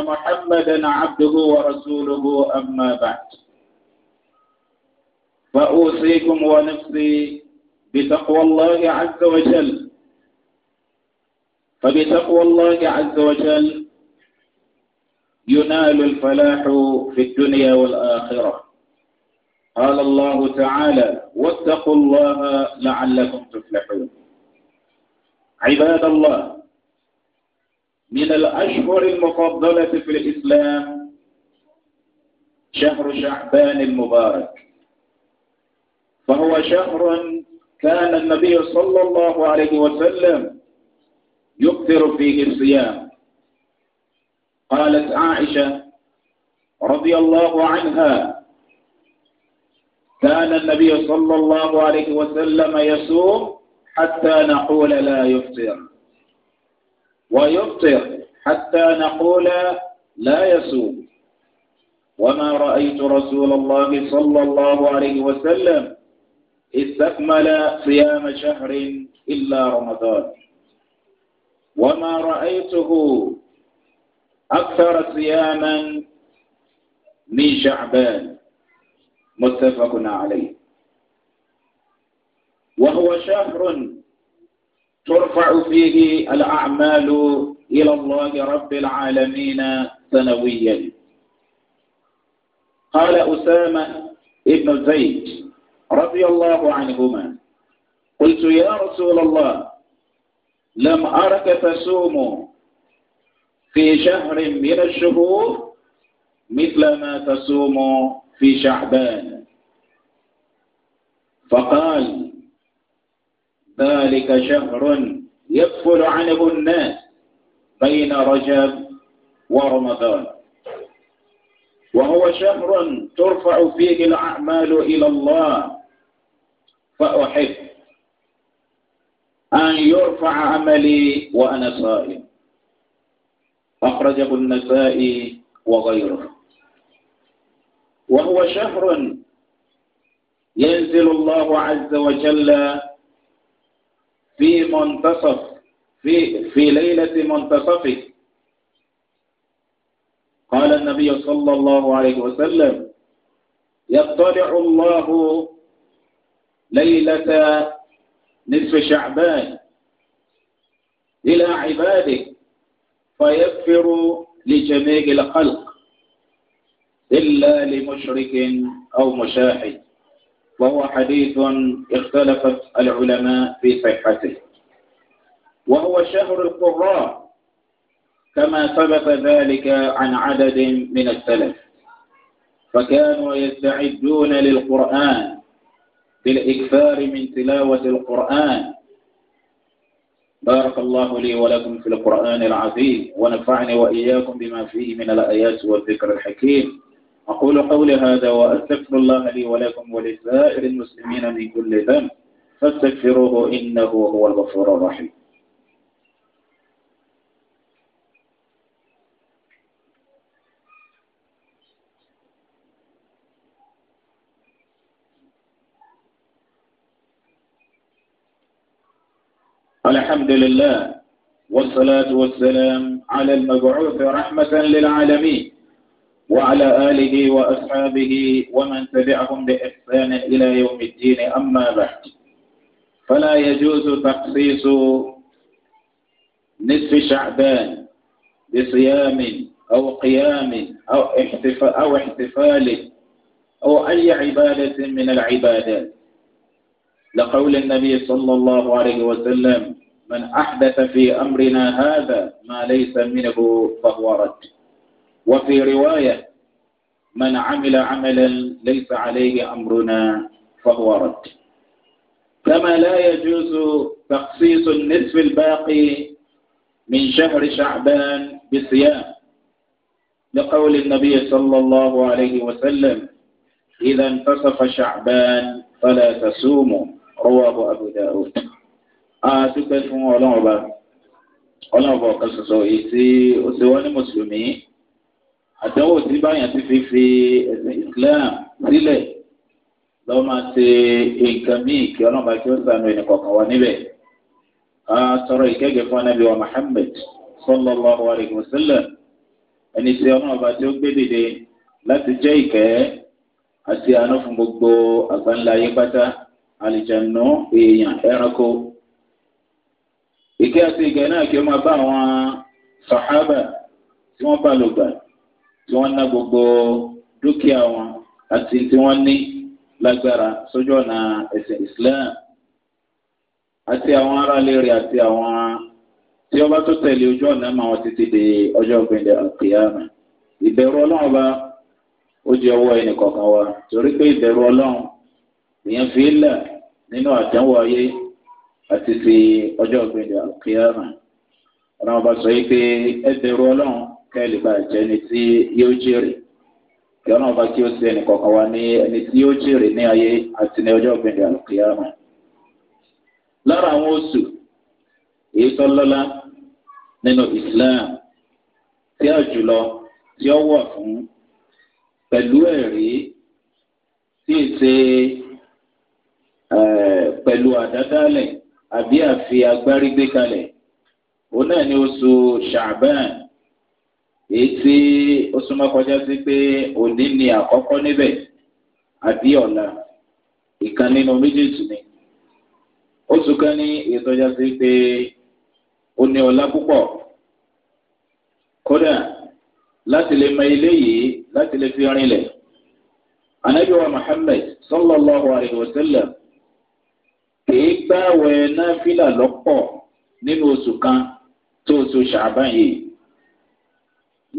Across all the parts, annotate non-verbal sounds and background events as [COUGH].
محمدا عبده ورسوله أما بعد فأوصيكم ونفسي بتقوى الله عز وجل فبتقوى الله عز وجل ينال الفلاح في الدنيا والآخرة قال الله تعالى واتقوا الله لعلكم تفلحون عباد الله من الأشهر المفضلة في الإسلام شهر شعبان المبارك فهو شهر كان النبي صلى الله عليه وسلم يكثر فيه الصيام قالت عائشة رضي الله عنها كان النبي صلى الله عليه وسلم يصوم حتى نقول لا يفطر ويفطر حتى نقول لا يسوم وما رأيت رسول الله صلى الله عليه وسلم استكمل صيام شهر إلا رمضان وما رأيته أكثر صياما من شعبان متفق عليه وهو شهر ترفع فيه الأعمال إلى الله رب العالمين سنويا قال أسامة ابن زيد رضي الله عنهما قلت يا رسول الله لم أرك تصوم في شهر من الشهور مثل ما تصوم في شعبان فقال ذلك شهر يغفل عنه الناس بين رجب ورمضان وهو شهر ترفع فيه الأعمال إلى الله فأحب أن يرفع عملي وأنا صائم أخرجه النسائي وغيره وهو شهر ينزل الله عز وجل في منتصف في في ليلة منتصفه قال النبي صلى الله عليه وسلم يطلع الله ليلة نصف شعبان إلى عباده فيغفر لجميع الخلق إلا لمشرك أو مشاحن وهو حديث اختلفت العلماء في صحته وهو شهر القراء كما ثبت ذلك عن عدد من السلف فكانوا يستعدون للقرآن بالإكثار من تلاوة القرآن بارك الله لي ولكم في القرآن العظيم ونفعني وإياكم بما فيه من الآيات والذكر الحكيم أقول قولي هذا وأستغفر الله لي ولكم ولسائر المسلمين من كل ذنب فاستغفروه إنه هو الغفور الرحيم الحمد لله والصلاة والسلام على المبعوث رحمة للعالمين وعلى آله وأصحابه ومن تبعهم بإحسان إلى يوم الدين أما بعد فلا يجوز تخصيص نصف شعبان بصيام أو قيام أو احتفال أو احتفال أو أي عبادة من العبادات لقول النبي صلى الله عليه وسلم من أحدث في أمرنا هذا ما ليس منه فهو رد وفي رواية من عمل عملا ليس عليه أمرنا فهو رد كما لا يجوز تخصيص النصف الباقي من شهر شعبان بصيام لقول النبي صلى الله عليه وسلم إذا انتصف شعبان فلا تصوموا رواه أبو داود آتك اسمه الله ọlọ́run bá ọkàn ṣoṣo èyí tí ó àdánwò tí báyà ti fi fi ẹ̀sìn Islam sílẹ̀ lọ́wọ́ máa ṣe nǹkan míì kí ọlọ́mọba kí ó sànù ẹnì kọ̀ọ̀kan wá níbẹ̀. a sọ̀rọ̀ ìkẹ́gẹ́ fún anábì wa Muhammad sallallahu alayhi wa sallam ẹni tí ọlọ́mọba tí ó gbé dìde láti jẹ́ ìkẹ́ àti àánú fún gbogbo àgbáńlá ayé pátá àlìjànú èèyàn ẹranko. ìkẹ́ àti ìkẹ́ náà kí ó máa bá àwọn sàhábà tí wọ́n bá lò gbà tí wọ́n ná gbogbo dúkìá wọn àti tí wọ́n ní lágbára sójú ọ̀nà ẹ̀sìn Islam àti àwọn aráàlú rẹ̀ àti àwọn tí ọba tó tẹ̀lé ojú ọ̀nà máa wọn títí di ọjọ́ ìpínlẹ̀ àkèyàmẹ́ ìbẹ̀rù ọlọ́run bá ó ọwọ́ ẹnì kọ̀ọ̀kan wa torí pé fi ń nínú àdánwò ayé sọ yìí pé ẹ kẹ́lì bá jẹ́ ẹni tí yóò jèrè kí ọlọ́run bá kí ó sí ẹnì kọ̀ọ̀kan wá ní ẹni tí yóò jèrè ní ayé àti ní ọjọ́ ọ̀gbìnrin àlùkìyàmù. lára àwọn oṣù èyí tó lọ́lá nínú islam tí a jùlọ tí ó wà fún pẹ̀lú ẹ̀rí tí ì ṣe pẹ̀lú àdádálẹ̀ àbí àfi agbárí kalẹ̀ òun náà ni oṣù ṣàbẹ́ẹ̀. e tí ó kọjá sí pé òní ni àkọ́kọ́ níbẹ̀ àbí ọ̀la ìkan nínú méjèèjì ni oṣù kan ní ìtọ́já sí pé ó ní púpọ̀ kódà láti lè mọ ilé yìí láti lè fi rinlẹ̀ anabi wa muhammed sallallahu alayhi wa sallam kìí lọ́pọ̀ nínú oṣù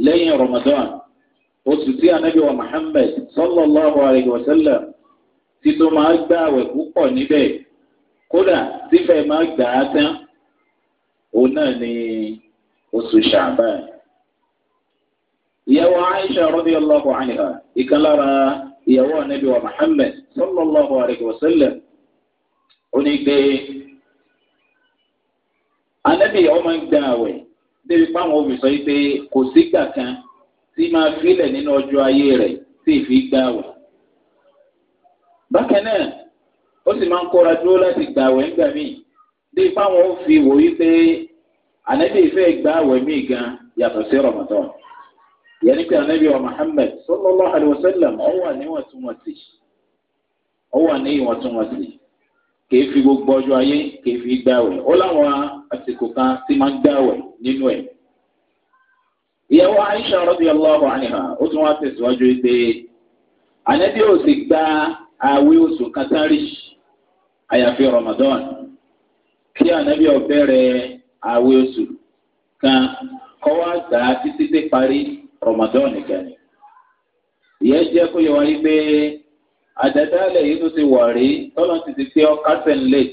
lẹ́yìn ramadan oṣù tí anabi wa muhammed sallallahu alayhi wa sallam ti tó máa gbà àwẹ̀ púpọ̀ níbẹ̀ kódà sífẹ̀ máa gbà á tán òun náà ni oṣù ṣàbàn. ìyàwó aisha radiyallahu anha ìkan lára ìyàwó anabi wa muhammed sallallahu alayhi wa sallam ó ní pé anabi ọmọ ń gbà àwẹ̀ débi páwọn òbí sọ pé kò sígbà kan tí máa filẹ̀ nínú ọjọ́ ayé rẹ̀ tí ìfi gbà wọ̀. bákan náà ó sì máa ń kóra dúró láti gbà wẹ̀ ńgbà míì débi páwọn òfin wò wípé ànábì ìfẹ́ gbà wẹ̀ míì gan yàtọ̀ sí rọ̀mọ̀tọ̀. ìyẹn ní pé ànábì wa muhammed sallallahu alayhi wa sallam ọ̀wà ní ìwọ̀ntúnwọ̀nsì ọ̀wà ní ìwọ̀ntúnwọ̀nsì kèé fi gbogbo ọjọ́ ayé kèé fi gbàwẹ̀ ó láwọn àsìkò kan tí máa ń gbàwẹ̀ nínú ẹ̀. ìyàwó Aisha radiyallahu anha ó tún wá tẹ̀síwájú pé ànẹ́bí ò sì gba àwẹ̀ oṣù kátàrí àyàfi Ramadan kí ànẹ́bí ó bẹ̀rẹ̀ àwẹ̀ oṣù kan kọ́ wá gbà á títí dé parí Ramadan nìkan. ìyẹn jẹ́ kó yẹ wáyé pé. àdádálẹ̀ yìí tó ti wà rí tọ́lọ́ ti ti pé ọ kásẹ̀ńlẹ̀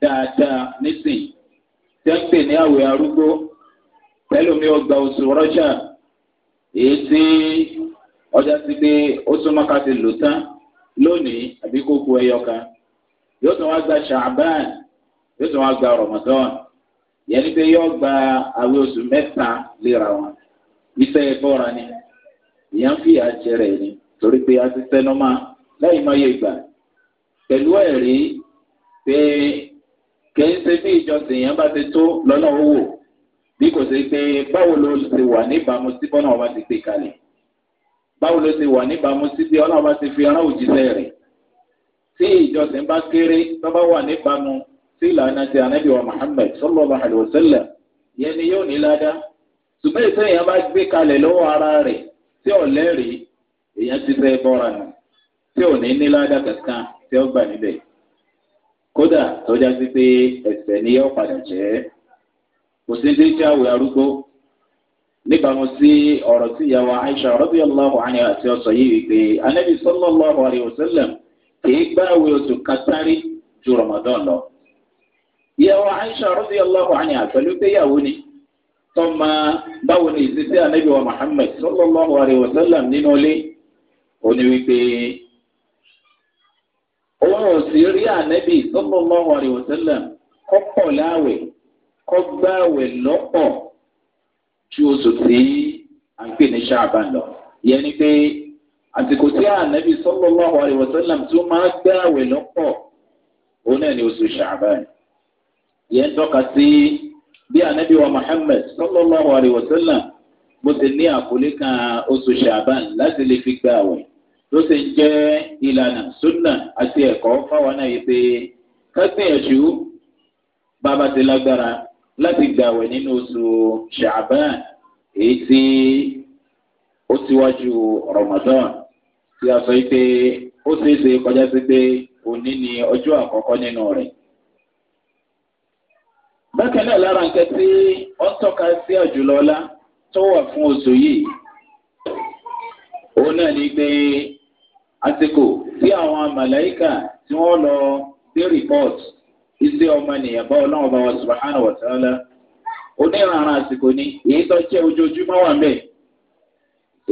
dáadáa tí wọ́n pè mi ọgbà oṣù rọ́ṣà èyí tí ọjà ti pé ó súnmọ́ ti lò tán lónìí àbí kó ẹyọ kan yóò tún wá gba ṣàbán yóò tún wá gba rọmọdán yẹn ni pé yóò gba àwẹ̀ oṣù mẹ́ta léra torí pé a ti lẹ́yìn máa yẹ gbà pẹ̀lú ẹ̀rí pé kìí ṣe bí ìjọsìn yẹn bá ti tó lọ́nà owó bí kò ṣe pé báwo ló ti wà níbàámu sí bọ́nà ọba ti gbé kalẹ̀ báwo ló ti wà níbàámu sí bí ọlọ́ọ̀ba ti fi ọlọ́ọ̀ òjíṣẹ́ rẹ̀ tí ìjọsìn bá kéré tó bá wà níbàámu sí ìlànà ti anabi wa muhammed sọlọ́ọ̀bà àlùwọ̀sẹ́lẹ̀ yẹn ni yóò ní ládàá ṣùgbọ́n ìṣe yẹn bá gbé kalẹ̀ lọ́wọ́ ara rẹ̀ tí ọ̀lẹ́rìí èèyàn ti fẹ́ bọ́ra nù tí ò ní ní ládà kankan tí ó gbà níbẹ̀ kódà tọ́já sí pé ẹ̀ṣẹ̀ ni yóò padà jẹ́ kò sí dé jáwé arúgbó níbàámu sí ọ̀rọ̀ tí ìyàwó Aisha radiyallahu anha àti ọ̀sọ̀ yìí wípé anabi sallallahu alayhi wa sallam kìí gbáwé oṣù kátàrí ju Ramadan lọ. ìyàwó Aisha radiyallahu anha pẹ̀lú pé ìyàwó ni tọ́mà báwo ni ìsísí anabi wa Muhammad sallallahu alayhi wa sallam nínú ilé òní wípé òun ò sì rí ànẹ́bì sallallahu alaihi wasallam kọ́pọ̀ láàwẹ̀ kọ́gbàwẹ̀ lọ́pọ̀ ju oṣù tí à ń pè ní ṣáàbàn lọ. ìyẹn ni pé àsìkò tí ànẹ́bì sallallahu alaihi wasallam tí ó máa gbàwẹ̀ lọ́pọ̀ òun náà ni oṣù ṣáàbàn. ìyẹn tọ́ka sí bí ànẹ́bì wa Muhammad sallallahu alaihi wasallam bó ti ní àkólé kan oṣù ṣáàbàn láti lè fi gbàwẹ̀ ló ṣe jẹ́ ìlànà súnà àti ẹ̀kọ́ fáwọn náà yìí pé kágbìyànjú bàbá ti lágbára láti gbàwẹ̀ nínú oṣù ṣàbán èyí tí ó síwájú rọmọdán tí a sọ pé ó ṣeé ṣe kọjá sí pé òní ni ọjọ́ àkọ́kọ́ nínú rẹ̀. bákan náà lára nǹkan tí ó ń tọ́ka sí àjùlọ ọlá tó wà fún oṣù yìí òun náà ni pé àsìkò tí àwọn màláìkà tí wọ́n lọ sí report iṣẹ́ ọmọnìyàn bá ọlọ́run bá wa subahana wa ta'ala oníranran àsìkò ni èyí tó jẹ́ ojoojúmọ́ wà mbẹ́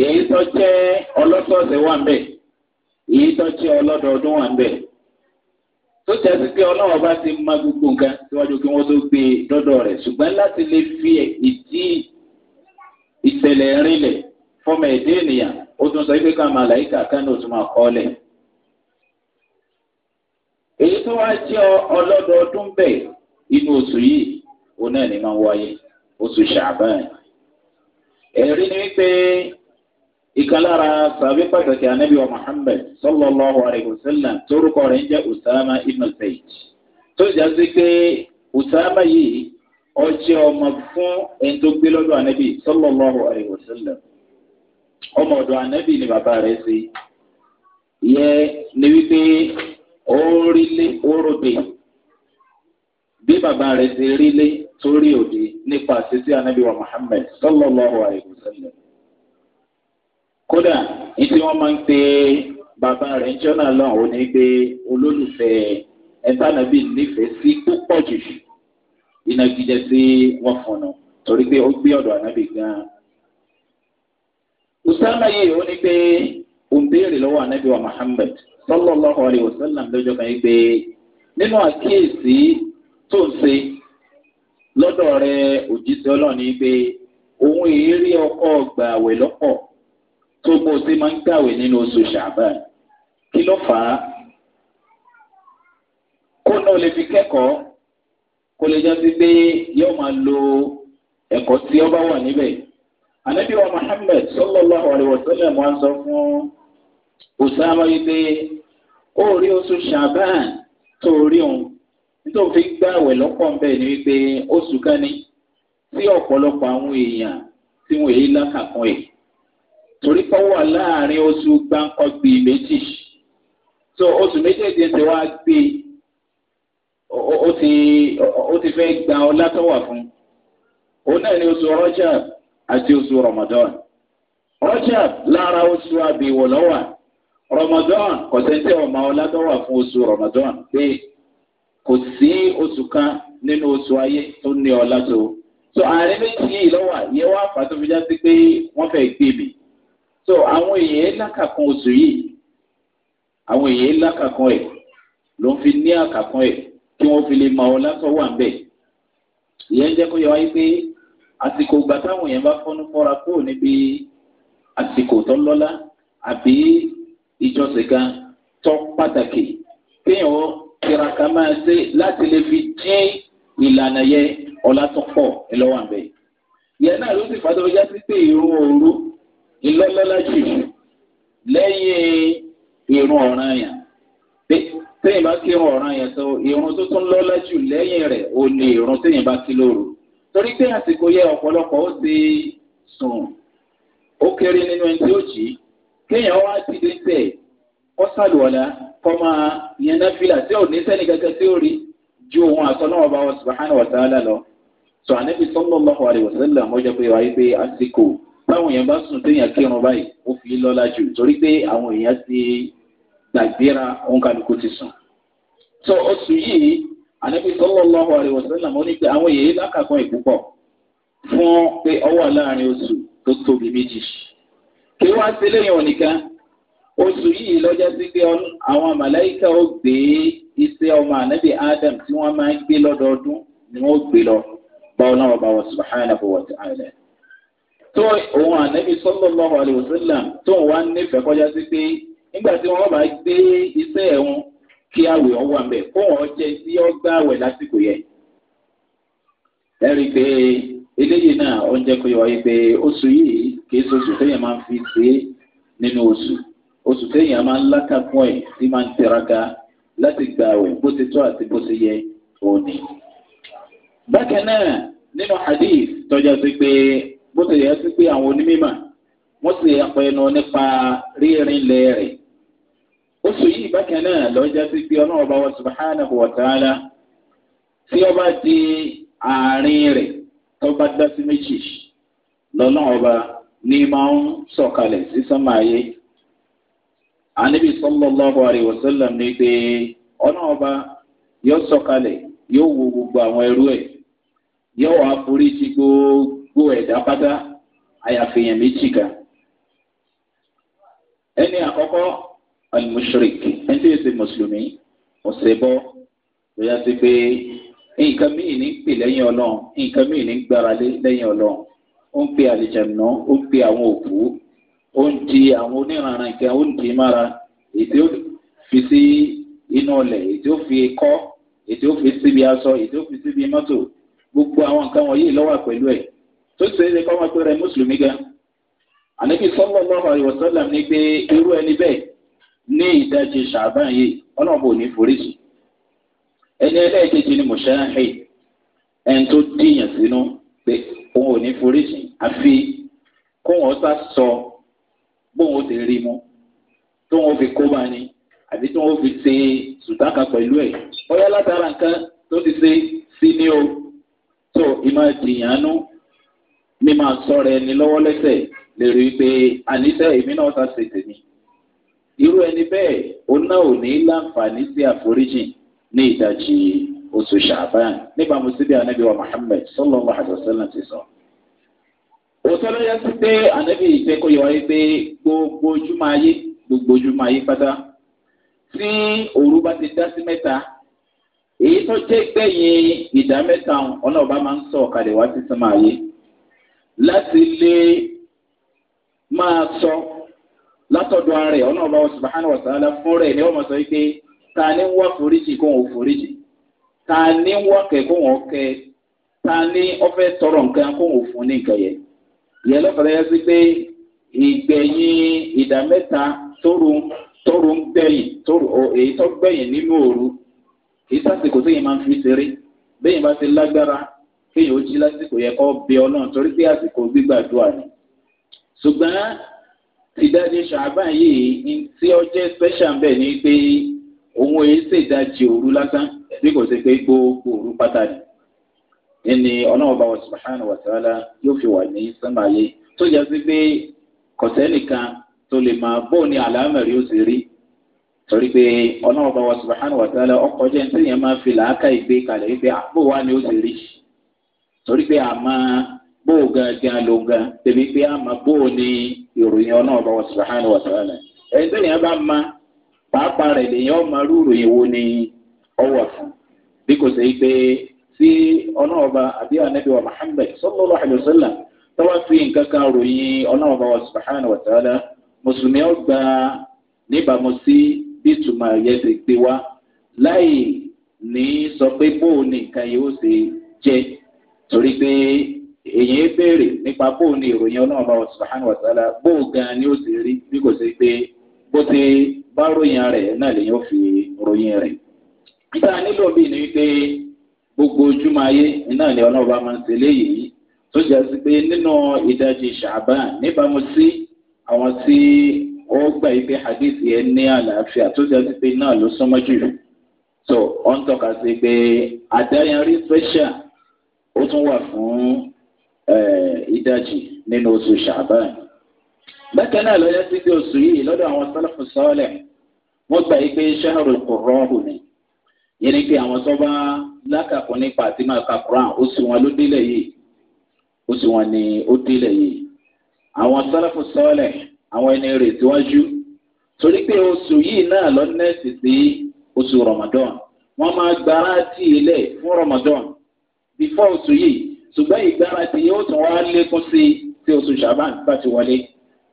èyí tó jẹ́ ọlọ́sọ̀ọ̀sẹ̀ wà mbẹ́ èyí tó jẹ́ ọlọ́dọọdún wà mbẹ́ tó jẹ́ sí pé ọlọ́run bá ti má gbogbo nǹkan síwájú kí wọ́n tó gbé e dọ́dọ̀ rẹ̀ ṣùgbọ́n láti lè fi ìdí ìṣẹ̀lẹ̀ rinlẹ̀ fọmọ ẹ̀dẹ́ ènìyàn ó tún sọ ibi ká màláìka kánò tún máa kọ́ lẹ̀. èyí tó wá jẹ́ ọlọ́dọọdún bẹ́ẹ̀ inú oṣù yìí òun náà ni máa wáyé oṣù ṣàbẹ́ẹ̀. ẹ̀rí ni muhammed Sọlọlọ torúkọ rẹ̀ ń ibn tó jà usama yìí ọjọ́ ọmọ fún anábì ọmọ ọdụ ànábì ni bàbá rẹ̀ ṣe yẹ ni wípé orílẹ̀ oróde bí bàbá rẹ̀ ṣe rílé sórí òde nípa àṣìṣe ànábì wa muhammed sallallahu alayhi wa sallam kódà ní tí máa ń pe bàbá rẹ ń jọ́nà lọ ó ní pé olólùfẹ́ ẹ̀ta ànábì sí jù usama yìí ó ní pé òun béèrè lọ́wọ́ anabi wa muhammed sallallahu alayhi wa sallam lọ́jọ́ kan yìí pé nínú àkíyèsí tó ń ṣe lọ́dọ̀ rẹ òjíṣẹ́ ọlọ́run ni pé òun èérí ọkọ̀ gbààwẹ̀ lọ́pọ̀ tó bó ṣe máa ń gbààwẹ̀ nínú oṣù ṣàbàn kí ló fà á kó náà lè fi kẹ́kọ̀ọ́ kó lè jẹ́ sí pé yóò máa lo ẹ̀kọ́ tí ó wà níbẹ̀ anabi wa muhammed sallallahu alayhi wa sallam wa sọ fún usama yìí pé ó rí oṣù shaban tó rí òun nítorí fi gbá àwẹ̀ lọ́pọ̀ ń bẹ̀ ni wípé oṣù kan ní sí ọ̀pọ̀lọpọ̀ àwọn èèyàn tí wọ́n èyí lákàkún ẹ̀ torí kọ́ wà láàrin oṣù gbáǹkọ́gbì méjì so oṣù méjèèjì ti wá gbé ó ti fẹ́ gba ọlá tó wà fún òun náà ni oṣù rọ́jà àti oṣù Ramadan. rọjab lára oṣù àbẹ̀wò Ramadan rọmọdán kọ̀sẹ́ntì ọmọ ọládọ́wà fún oṣù rọmọdán pé kò sí oṣù kan nínú oṣù ayé tó ní ọlá tó so ààrẹ méjì yìí lọ́wọ́ yẹ wá fàtó fi jáde pé wọ́n fẹ́ gbé mi so àwọn èèyàn lákàkún oṣù yìí àwọn èèyàn lákàkún ẹ̀ ló ń fi ní àkàkún ẹ̀ kí wọ́n fi lè mọ ọlá tó wà ń bẹ̀ ìyẹn jẹ́ kó yẹ wáyé pé àsìkò ìgbà táwọn èèyàn bá fọ́nú fọ́ra kúrò níbi àsìkò tó lọ́lá àbí ìjọsìn kan tó pàtàkì kéèyàn ó tiraka máa ṣe láti lè fi dín ìlànà yẹn ọlá tó pọ̀ lọ́wọ́ àbẹ̀. ìyẹn náà ló sì fàdó ọjà sí pé ìrún òru ìlọ́lọ́lá jù lẹ́yìn ìrún ọ̀ràn yẹn téèyàn bá kí ìrún ọ̀ràn yẹn tó ìrún tó tún lọ́lá jù lẹ́yìn rẹ̀ ò ní ìrún téèyàn bá kí lóru torí pé àsìkò yẹ ọ̀pọ̀lọpọ̀ ó ṣe sùn ó kéré nínú ẹni tí ó jì í kéèyàn wá ti dé tẹ̀ kọ́ sàlùwọ̀lá kọ́ máa yẹn náà fìlà tí ò ní sẹ́ni gẹ́gẹ́ tí ó rí ju òun àtọ́nàwọ̀ bá wọn subahana wa ta'ala lọ. sọ ànábi sọ́nà ọlọ́kọ̀ àrẹ wọ̀sẹ́lẹ̀ mọ́jọ pé wáyé pé àsìkò táwọn èèyàn bá sùn téèyàn kírun báyìí ó fi lọ́la jù torí pé àwọn èèyàn ti gbàgbéra òun kálukú ti sùn. sọ oṣù yìí ànábi sallallahu alaihi wasallam ó ní pé àwọn èyí lákàkọ́ ìpúpọ̀ fún pé ọwọ́ láàrin oṣù tó tóbi méjì. kí wọ́n á ṣe lẹ́yìn òníkan oṣù yìí lọ́jọ́ sí pé àwọn màláìka ó gbé iṣẹ́ ọmọ ànábi Adam tí wọ́n máa ń gbé lọ́dọọdún ni wọ́n gbé lọ bá ọlọ́run bá wọ subhanahu wa ta'ala. tó òun ànábi sallallahu alaihi wasallam tó wà nífẹ̀ẹ́ kọjá sí pé nígbà tí wọ́n bá gbé iṣẹ́ ẹ̀hún kí àwẹ̀ ọwọ́ àmẹ́ kó wọn jẹ tí ó gbá àwẹ̀ lásìkò yẹn. ẹ rí i pé eléyìí náà ó ń jẹ́ pé wáyé pé oṣù yìí kìí ṣe oṣù téèyàn máa ń fi ṣe é nínú oṣù oṣù téèyàn máa ń lákàkún ẹ̀ tí máa ń tẹ̀raka láti gba àwẹ̀ bó ti tọ́ àti bó ti yẹ òní. bákan náà nínú hadith tọ́jà sí pé bó ti yẹ sí pé àwọn onímọ̀ wọ́n sì apẹnu nípa rírin lẹ́ẹ̀rẹ̀ oṣù yìí bákan náà lọ́jà sí pé ọlọ́run ọba wa subhanahu wa ta'ala tí ọba di àárín rẹ̀ tọ́ba dá sí méjì lọ́nà ọba ní máa ń sọ̀kalẹ̀ sí sánmà ayé. àníbi sallallahu alaihi wasallam ní pé ọlọ́run ọba yóò sọ̀kalẹ̀ yóò wo gbogbo àwọn ẹrú ẹ̀ yóò wá foríjì gbogbo ẹ̀dá pátá àyàfi èèyàn méjì kan. ẹni àkọ́kọ́ alimusirik ẹni tí yóò ṣe mùsùlùmí ọ̀sẹ̀ bọ́ lóyá sí pé nǹkan míì ní pè lẹ́yìn ọlọ́run nǹkan míì ní gbára lé lẹ́yìn ọlọ́run ó ń pe àlìjàmínà ó ń pe àwọn òkú ó ń di àwọn oníranran nǹkan ó ń di mára ètò fi sí inú ọlẹ̀ ètò fi kọ́ ètò fi síbi aṣọ ètò fi síbi mọ́tò gbogbo àwọn nǹkan wọ̀nyí lọ́wọ́ pẹ̀lú ẹ̀ tó ṣe é ṣe kọ́ máa pẹ́ rẹ mùsùlùmí gan. àníbi sọ́lọ́ lọ́wọ́ ìwọ̀sọ́lá ní pé irú ẹni bẹ́ẹ̀ ní ìdajì ṣàbán yìí ọlọ́run ò ní foríjì ẹni ẹlẹ́ẹ̀kejì ni mùsàáhì ẹni tó dìyàn sínú pé òun ò ní foríjì àfi kóun ọ̀sà sọ bóun ó ti rí mu tóun ó fi kó bá ní àbí tóun ó fi ṣe sùtákà pẹ̀lú ẹ̀ bóyá látara nǹkan tó ti ṣe sí ní o tó ìmọ̀ dìyàn nú mímọ̀ sọ̀rọ̀ ẹni lọ́wọ́ lè rí i pé àníṣe èmi náà sá ṣe tèmi. irú ẹni bẹ́ẹ̀ ó náà ò ní láǹfààní sí àforíjì ní ìdajì oṣù ṣàbán níbàámu síbi anabi wa muhammed wa ti sọ. òótọ́ ló yẹ sí pé anabi ìfẹ́kọ̀ yọ wáyé pé gbogbo ojúmọ́ ayé gbogbo ayé pátá ti dá sí mẹ́ta èyí tó jẹ́ gbẹ̀yìn ìdá mẹ́ta ọ̀nà ọba máa ń sọ ọ̀kadì wá sí ma ayé láti lè máa sọ látọ̀dọ̀ ara ẹ̀ ọlọ́run bá wọn subahana wa sàlá fún rẹ̀ ni wọ́n mọ̀ sọ pé ta ni ń wá foríjì kó wọn ò foríjì ta ni ń wá kẹ̀ kó wọn kẹ̀ ta ni ọfẹ́ tọrọ nǹkan kó wọn ò fún ní nǹkan yẹn ìyẹn lọ́kọ̀ọ́dá yẹn sí pé ìgbẹ̀yìn ìdá mẹ́ta tóru tóru ń gbẹ̀yìn tóru èyí tó gbẹ̀yìn nínú òru kì tó yẹn máa ń fi ṣeré bẹ́yìn bá ti lágbára kéèyàn ó jí lásìkò yẹ kọ́ bẹ ọlọ́run torí pé àsìkò gbígbàdúrà ni ṣùgbọ́n ìdajì ṣàbàn yìí ní tí ó special bẹ́ẹ̀ ni pé òun èyí ṣe ìdajì òru lásán bí kò ṣe pé gbogbo òru pátá ni ẹni ọlọ́run bá wa subahana wa ta'ala yóò fi wà ní sánmàyé tó yẹ sí pé kọ̀sẹ́nìkan tó lè máa bọ́ ní àlámẹ̀rí ó sì rí torí pé ọlọ́run bá wa subahana wa ta'ala ọkọ̀ jẹ́ ní sẹ́yìn máa fi làákà ìgbé kalẹ̀ wípé àbò wa ni ó sì rí torí pé àmọ́ bó gangan ló gan tẹ̀lé pé àmọ́ bó ni. ìròyìn ọlọ́run bá wọn sùbàhánù wàtàlà ẹni tó yẹn bá ma pàápàá rẹ̀ lèyàn ọmọ irú ìròyìn wo ni ọwọ́ fún bí kò sí pé tí ọlọ́run ọba àbí anabi wa muhammed sọlọ́lá àlùsọ́là tọ́wọ́ fi nǹkan kan ròyìn ọlọ́run wọn èyàn béèrè nípa bóun ni ìròyìn ọlọ́run bá wọn subahana wa sálá bóun gan ni ó sì rí bí kò sí pé bó ti bá ròyìn rẹ̀ náà lèyàn fi ròyìn rẹ̀. níta nílò bíi ni wípé gbogbo ojúmọ ayé iná ni ọlọ́run bá máa ń ṣe léyìí tó jẹ́ sí pé nínú ìdajì ṣàbán níbàámu sí àwọn tí ó gbà yí pé hadith yẹn ní àlàáfíà tó jẹ́ sí pé náà ló súnmọ́ jù so ó ń tọ́ka sí pé àdáyanrí special ó tún wà fún Eh, ìdajì nínú oṣù ṣàbán bákan náà lọ́yẹ́ sí pé oṣù yìí lọ́dọ̀ àwọn sálàfù sọ́ọ̀lẹ̀ wọ́n gbà yìí pé ṣáàrù kọ̀rọ̀ ọ̀hún ni yẹn ni pé àwọn tó bá lákàkún nípa àti máa ka quran oṣù wọn ló délẹ̀ yìí oṣù wọn ni ó délẹ̀ yìí àwọn sálàfù sọ́ọ̀lẹ̀ àwọn ẹni rè síwájú torí pé oṣù yìí náà lọ nẹ́ẹ̀sì sí oṣù ramadan wọ́n máa gbára tì í lẹ̀ fún ramadan bífọ́ oṣù yìí ṣùgbọ́n ìgbáradì yóò tún wá lékún sí ti oṣù ṣàbán bá ti wọlé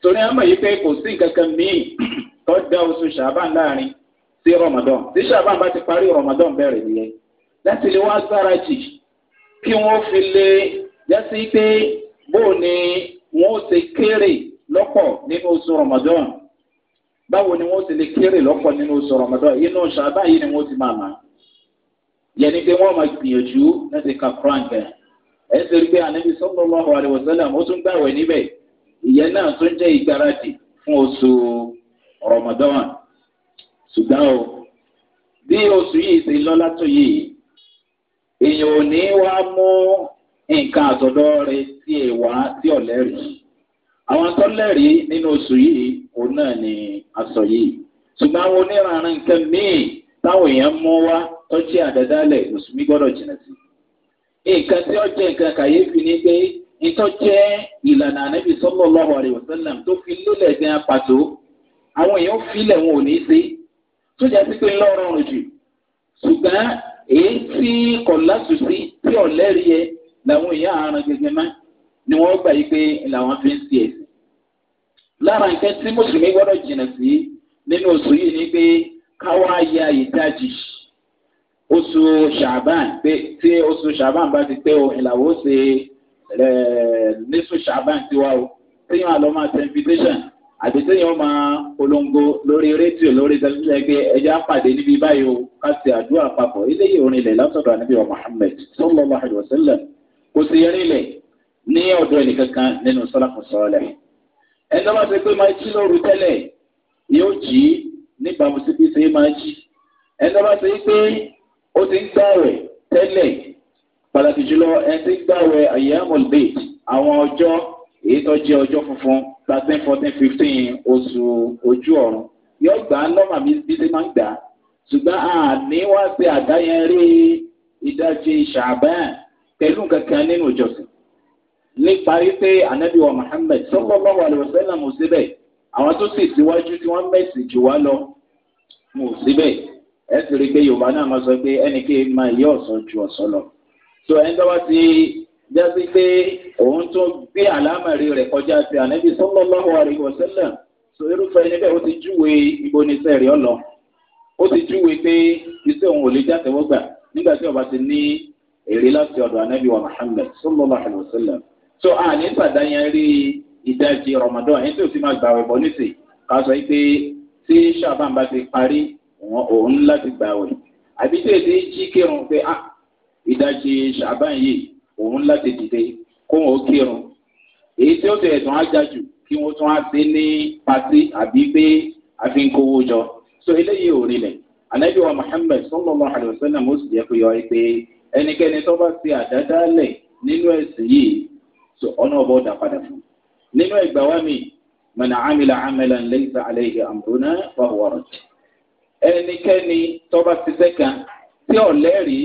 torí àmọ̀ yìí pé kò sí kankan míì [CLEARS THROAT] tó dá oṣù ṣàbán láàrin sí rọmọdán tí ṣàbán bá ti parí rọmọdán bẹ̀rẹ̀ nìyẹn láti lè wá gbáradì kí wọ́n fi lè yásí pé bóò ni wọ́n ṣe kéré lọ́pọ̀ nínú oṣù rọmọdán báwo ni wọ́n ṣe lè kéré lọ́pọ̀ nínú oṣù rọmọdán inú ṣàbán yìí ni wọ́n ti máa mọ̀ yẹn pé wọ́n máa gbìyànjú láti ka kúrán ẹ̀ ń torí pé ànábi sallallahu alaihi wasallam ó tún gbàwẹ̀ níbẹ̀ ìyẹn náà tún jẹ́ ìgbáradì fún oṣù Ramadan ṣùgbọ́n o bí oṣù yìí ti lọ látò yìí èèyàn ò ní wá mú nǹkan àtọ̀dọ́ rẹ̀ tí è wá tí ọ̀lẹ́ rí àwọn tó nínú oṣù yìí òun náà ni aṣọ yìí ṣùgbọ́n àwọn oníranran nǹkan míì táwọn èèyàn mú wá tó jẹ́ àdádálẹ̀ mùsùlùmí gbọ́dọ̀ jìnnà sí i nǹkan tí ó jẹ́ nǹkan kàyéfì ni pé ìtọ́ jẹ́ ìlànà ànábì sọ́lọ́ lọ́wọ́ rẹ̀ wọ́sẹ́lẹ̀m tó fi lólẹ̀ gan pàtó àwọn èèyàn filẹ̀ wọn ò ní ṣe tó jẹ́ sí pé lọ́rọ̀rùn jù ṣùgbọ́n èyí tí kò lásùsí tí ọ̀lẹ́rì yẹ làwọn èèyàn àrùn gẹ́gẹ́ mọ́ ni wọ́n gbà yí pé làwọn fi ń ṣe ẹ̀sìn. lára nǹkan tí mùsùlùmí gbọ́dọ̀ jìnnà sí nínú oṣù yìí ni pé káwá ya ìdajì oṣù ṣàbán pé tí oṣù ṣàbán bá ti pé o ìlàwó ṣe ẹ níṣù ṣàbán tiwa o téèyàn àlọ́ máa ṣe invitation àti téèyàn máa polongo lórí rédíò lórí tẹlifíṣàn pé ẹja pàdé níbi báyìí o ká ti àdúrà papọ̀ eléyìí orin ilẹ̀ látọ̀dọ̀ àníbi wa muhammed sallallahu alayhi wa sallam kò sí yẹn nílẹ̀ ní ọ̀dọ̀ ẹnìkankan nínú sọ́láfù sọ́ọ̀lẹ̀ ẹni tó bá ṣe pé máa jí lóru tẹ́lẹ̀ yóò jí níbàámu síbi ṣe máa jí ẹni tó bá pé ó ti ń gbàwẹ̀ tẹ́lẹ̀ pàtàkì jùlọ ẹni tí ń gbàwẹ̀ ayéhàmọ̀lbè àwọn ọjọ́ èyí tó jẹ́ ọjọ́ funfun thirteen fourteen fifteen oṣù ojú ọ̀run yóò gbà á lọ́mà bí ṣe máa ń gbà á ṣùgbọ́n àní wá sí àdáyẹnrí ìdajì ṣàbẹ́ẹ̀ pẹ̀lú kankan nínú ìjọsìn nípa wípé anabiwa muhammed sọlọ́lá wà lọ sẹ́lẹ̀ mọ̀ síbẹ̀ àwọn tó sì síwájú tí wọ́n mẹ̀sì jù wá lọ mọ̀ síbẹ̀ ẹ sì rí i pé yorùbá náà máa sọ pé ẹnì kí n máa yí ọ̀sán ju ọ̀sán lọ. tó ẹni tó bá ti jásí pé òun tún gbé àlámàrí rẹ̀ kọjá sí ànábì sọ́lọ́láhùn àríwọ̀ sẹ́lẹ̀ tó irúfẹ́ ẹni ó ti júwe ibo ni iṣẹ́ rẹ̀ ọ̀lọ́ ó ti júwe pé iṣẹ́ òun ò lè jàtẹ̀wọ́gbà nígbà tí ọba ti ní èrè láti ọ̀dọ̀ ànábì wa muhammed sọ́lọ́láhùn àríwọ̀ sẹ́lẹ̀ tó àní sàdáyẹrí ìdajì ramadan ẹni tó ti máa gbàwẹ̀ bọ́ nísì ká sọ pé tí sábà ń bá ti parí òun láti gbàwẹ̀ àbí tí èdè jí kírun pé ah ìdajì ṣàbá yìí òun láti dìde kó wọn ó kírun èyí tí ó tẹ̀ tán á jájù kí wọ́n tún á sí ní pati àbí pé àfi ń kówó jọ so eléyìí ò rí lẹ̀ anabi wa muhammed sallallahu alayhi wa sallam ó sì jẹ́ pé yọ ẹ pé ẹnikẹ́ni tó bá ti àdádálẹ̀ nínú ẹ̀sìn yìí so ọ̀nà ọba ọ̀dà padà fún nínú ẹgbàá wa mi mọ̀nà àmìlà àmìlà ń lẹ́yìn sàlẹ̀ yìí àmúrúnà wà wọ̀rọ̀ jù. ẹnikẹ́ni tọ́ba ṣiṣẹ́ kan tí lẹ́rì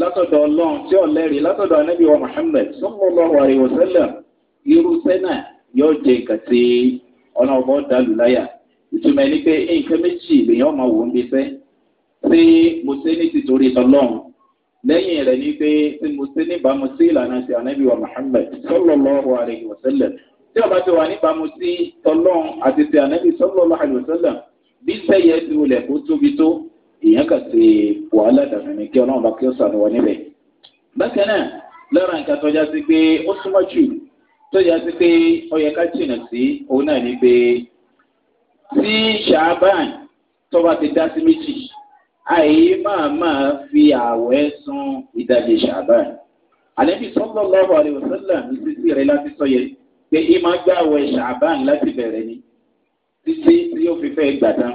látọ̀dọ̀ ọlọ́run tí ọ̀lẹ́rìí látọ̀dọ̀ anábì wa muhammed sallallahu alaihi wasallam irú sẹ́nà yóò jẹ ọ̀nà ọ̀bọ̀ dàlù láyà ìtumọ̀ ẹni pé nǹkan méjì lèyàn máa wò ń bí tí mo ṣe ní lẹ́yìn rẹ̀ ni pé tí mo ṣe sí ìlànà ti anábì wa muhammed sallallahu alaihi wasallam tí ọba ti wà níbàámu sí tọlọ́run àti ti anábì bí sẹ́yẹ ti wulẹ̀ kó tóbi tó èèyàn kà sí wàhálà dànù ní kí ọlọ́run bá kí ó sànù wọ níbẹ̀. bákan náà lọ́rọ̀ nǹkan tó já sí pé ó súnmọ́ jù tó já sí pé ó yẹ ká jìnà sí òun náà ní pé tí ṣàbàn tó bá ti dá sí méjì àyè máa máa fi àwẹ̀ sun ìdajì ṣàbàn. àlẹ́bí sọ́kọ̀ lọ́wọ́ àlẹ́ òṣèlú àmì sísí rẹ̀ láti sọ yẹ pé ìmọ̀ gbà àwẹ̀ ṣàbàn láti bẹ̀rẹ̀ ni títí tí yóò fi fẹ́ gbà tán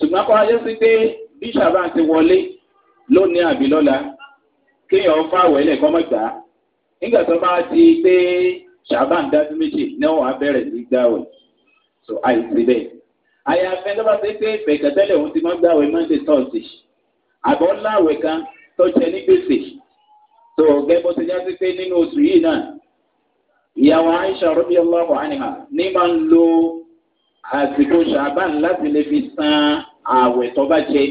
ṣùgbọ́n kọ́ ayé sí pé bí ṣàbá ti wọlé lónìí àbí lọ́la kéèyàn fáwọ̀ ẹlẹ́ kọ́ mọ́ gbà á nígbà tó bá ti pé ṣàbá ń dá méjì náà wàá bẹ̀rẹ̀ sí gbàwẹ̀ so àìsí bẹ́ẹ̀ àyàfẹ́ tó bá ti pé pẹ̀kẹ́tẹ́lẹ̀ òun ti mọ́ gbàwẹ̀ monday thursday àbọ̀ láwẹ̀ kan tó jẹ ní gbèsè tó gẹ́ bó ti jáde pé nínú oṣù yìí náà ìyàwó aisha rọ́bì ọlọ́wọ́ àníhà àsìkò ṣàbán láti lè fi san ààwẹ̀ tó bá jẹ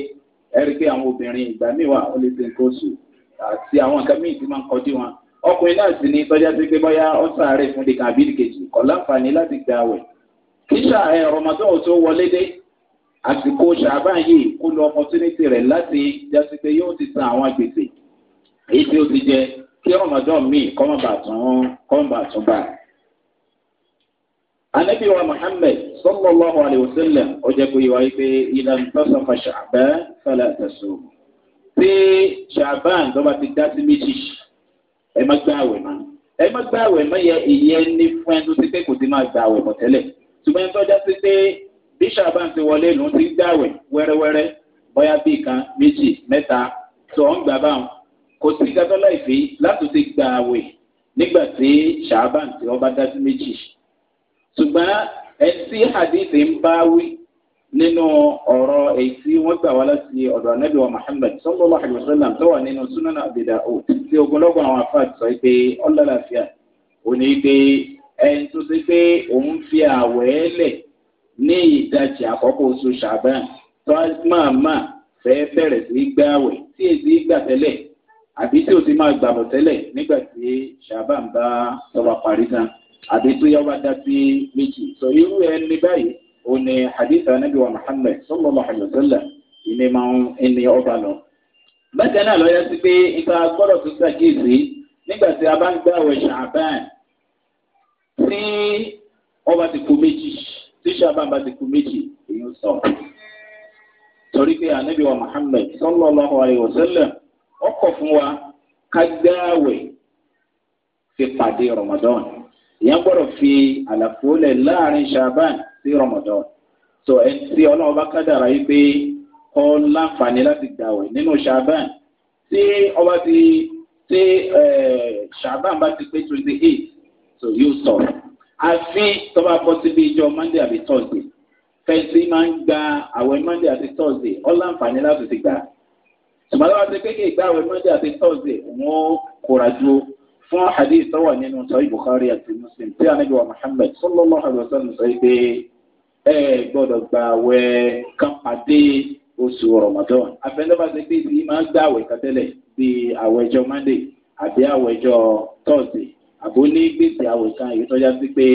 ẹ̀rí pé àwọn obìnrin ìgbà míì wà ó lè fi nǹkan oṣù àti àwọn nǹkan míì ti máa ń kọjú wọn ọkùnrin náà sì ní tọ́já sí pé bóyá ó sàárẹ̀ fún dèkà àbí ìdíkejì kọ̀ láǹfààní láti gbà ààwẹ̀ kíṣà ẹ̀ rọmọdún ò tó wọlé dé àsìkò ṣàbán yìí kó lo opportunity rẹ̀ láti jásí pé yóò ti san àwọn gbèsè èyí tí ó ti jẹ kí rọmọdún míì kọ́mọ̀bà tún kọ́mọ̀bà tún báyìí anabi wa muhammed sallallahu alayhi wa sallam ọjà kò yẹ wáyé pé ìlànà tọ́sán fa ṣàbán fẹlẹ àtẹ̀sọ́ pé ṣàbán lọ́ba ti dá sí méjì ẹ má gbá àwẹ̀ mọ́ ẹ má gbá àwẹ̀ mọ́ yẹ ìyẹn ní fún ẹnu sí pé kò ti máa gbá àwẹ̀ mọ́ tẹ́lẹ̀ ṣùgbọ́n ẹni tọ́já sí pé bí ṣàbán ti wọlé lòún ti gbá àwẹ̀ wẹ́rẹ́wẹ́rẹ́ bọ́yá bí kan méjì mẹ́ta tó ń gbà báwọn kò sí gàdọ́lá ìfẹ́ láti ti gbà àwẹ̀ nígbà tí ṣàbán ti ọba dá sí méjì ṣùgbọ́n ẹtí hadithi ń bá wí nínú ọ̀rọ̀ èyí tí wọ́n gbà wá láti ọ̀dọ̀ anábì wa muhammed sallallahu alayhi wa sallam tó wà nínú sunan abidà o tí ogunlọ́gbọ̀n àwọn afáàtì sọ pé ọlọ́láfíà òní pé ẹni tó ṣe pé òun fi àwẹ̀ lẹ̀ ní ìdajì àkọ́kọ́ oṣù ṣàbán tó máa máa fẹ́ bẹ̀rẹ̀ sí gbá àwẹ̀ tí èsì gbà tẹ́lẹ̀ àbí tí ò sì máa gbàbọ̀ tẹ́lẹ̀ nígbà tí ṣàbán bá tọba parí tán. àbí tó yá wá dá sí méjì sọ irú ẹni báyìí ó ní hadith anabi wa muhammed sallallahu alayhi wa ìní máa ń ọba lọ. bákan náà lọ́yọ́ sí pé ìta gbọ́dọ̀ tó ṣàkíyèsí nígbà tí a bá ń gbà wẹ̀ ṣàbán tí sọ torí pé anabi wa muhammed ramadan èèyàn gbọ́dọ̀ fi àlàfo lẹ̀ láàrin ṣaaban sí rọmọdán tó ẹ tí ọlọ́run bá kádàrá yìí pé kọ́ láǹfààní láti gbàwẹ̀ nínú ṣaaban tí ọba ti tí ṣaaban bá ti pé twenty eight tó yóò sọ àfi tọ́ba bọ́ síbi ìjọ monday àbí thursday fẹ́ǹsì máa ń gba àwẹ̀ monday àti thursday ọ láǹfààní láti ti gbà ṣùgbọ́n lọ́wọ́ ti pé kí ìgbà àwẹ̀ monday àti thursday wọ́n kóra dúró fún hadith tó wà nínú sahih bukhari àti muslim tí anabi wa muhammad sallallahu alayhi wa sallam sọ pé ẹ gbọ́dọ̀ gba àwẹ̀ kan pàdé oṣù ramadan afẹnudọba ṣe pé ti máa gba àwẹ̀ kátẹlẹ bíi àwẹjọ monday àbí àwẹjọ thursday àbò ní gbèsè àwẹ̀ kan èyí tọjá sí pé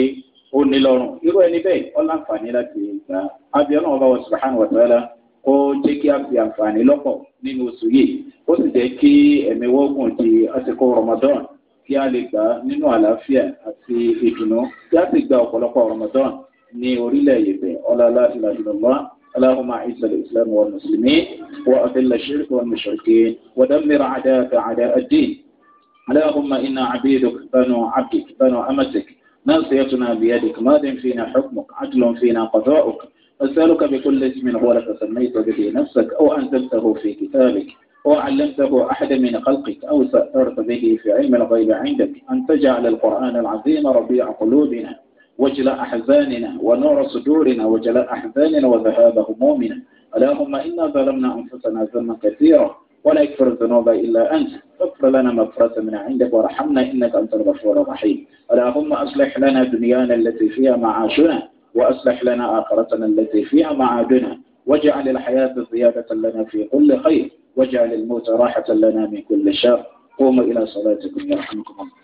ó ní lọ́rùn irú ẹni bẹ́ẹ̀ ó láǹfààní láti gbà àbí Ọlọ́run bá wọ subhanahu wa kó jẹ́ kí a fi àǹfààní lọ́pọ̀ nínú oṣù yìí ó sì jẹ́ kí ẹ̀mí wọ́gùn di àsìkò ramadan kí a lè gbà nínú àlàáfíà àti ìdùnnú kí a sì gba ọ̀pọ̀lọpọ̀ Ramadan ní orílẹ̀ yèbè ọlọ́lá ìlàjìlọ́gbà اللهم اعز الاسلام والمسلمين واذل الشرك والمشركين ودمر اعداءك اعداء الدين اللهم انا عبيدك بنو عبدك بنو امتك ناصيتنا بيدك ماض فينا حكمك عدل فينا قضاؤك اسالك بكل اسم هو لك سميت به نفسك او انزلته في كتابك وعلمته أحدا من خلقك أو سأرت به في علم الغيب عندك أن تجعل القرآن العظيم ربيع قلوبنا وجل أحزاننا ونور صدورنا وجلاء أحزاننا وذهاب همومنا اللهم إنا ظلمنا أنفسنا ظلما كثيرا ولا يكفر الذنوب إلا أنت فاغفر لنا مغفرة من عندك وارحمنا إنك أنت الغفور الرحيم اللهم أصلح لنا دنيانا التي فيها معاشنا وأصلح لنا آخرتنا التي فيها معادنا واجعل الحياة زيادة لنا في كل خير واجعل الموت راحة لنا من كل شر قوموا إلى صلاتكم يرحمكم الله